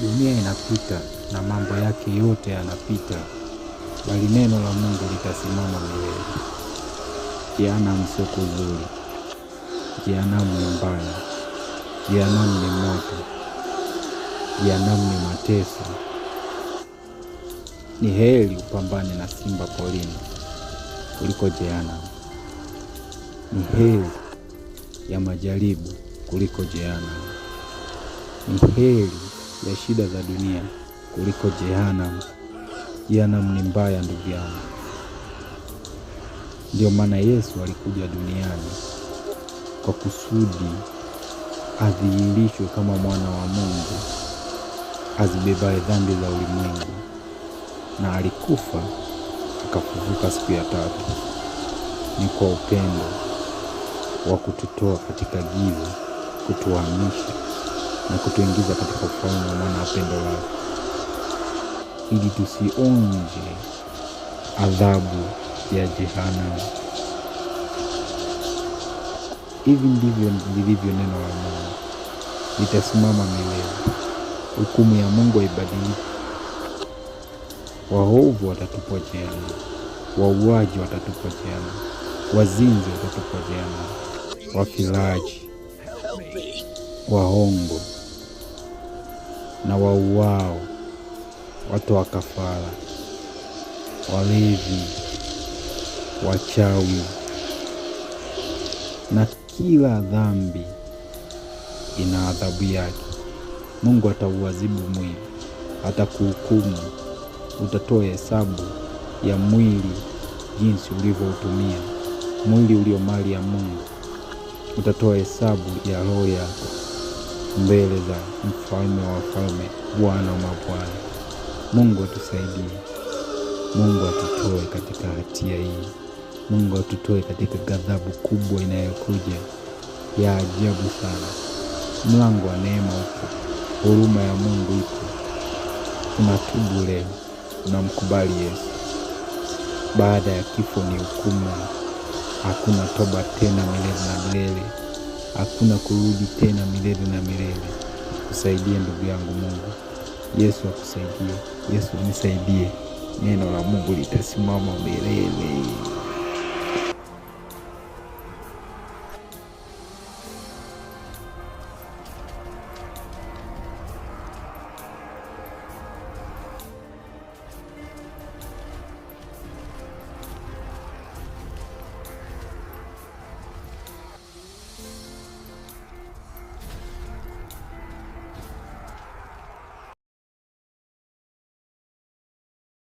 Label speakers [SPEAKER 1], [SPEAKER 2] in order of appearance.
[SPEAKER 1] Dunia inapita na mambo yake yote yanapita, bali neno la Mungu litasimama milele. Jehanamu sio kuzuri, jehanamu ni mbaya, jehanamu ni moto, jehanamu ni mateso. Ni heri upambane na simba porini kuliko jehanamu. Ni heri ya majaribu kuliko jehanamu. Ni heri ya shida za dunia kuliko jehanamu. Jehanamu ni mbaya, ndugu yangu. Ndiyo maana Yesu alikuja duniani kwa kusudi adhihirishwe kama mwana wa Mungu azibebaye dhambi za ulimwengu, na alikufa akafufuka siku ya tatu. Ni kwa upendo wa kututoa katika giza kutuhamisha na kutuingiza katika ufalme wa mwana wapendo wake, ili tusionje adhabu ya jehanamu. Hivi ndivyo lilivyo neno la Mungu, litasimama milele. Hukumu ya Mungu haibadiliki. Waovu watatupwa jehanamu, wauaji watatupwa jehanamu, wazinzi watatupwa jehanamu, wafilaji, wahongo na wauao, watu wa kafara, walevi, wachawi na kila dhambi ina adhabu yake. Mungu atauadhibu mwili, atakuhukumu. Utatoa hesabu ya mwili jinsi ulivyoutumia. Mwili ulio mali ya Mungu, utatoa hesabu ya roho yako mbele za mfalme wa wafalme, Bwana wa mabwana. Mungu atusaidie, Mungu atutoe katika hatia hii, Mungu atutoe katika ghadhabu kubwa inayokuja ya ajabu sana. Mlango wa neema upo, huruma ya Mungu ipo. Unatubu leo, unamkubali Yesu. Baada ya kifo ni hukumu, hakuna toba tena milele na milele hakuna kurudi tena milele na milele. Kusaidie ndugu yangu Mungu, Yesu akusaidie, Yesu nisaidie, neno la Mungu litasimama milele.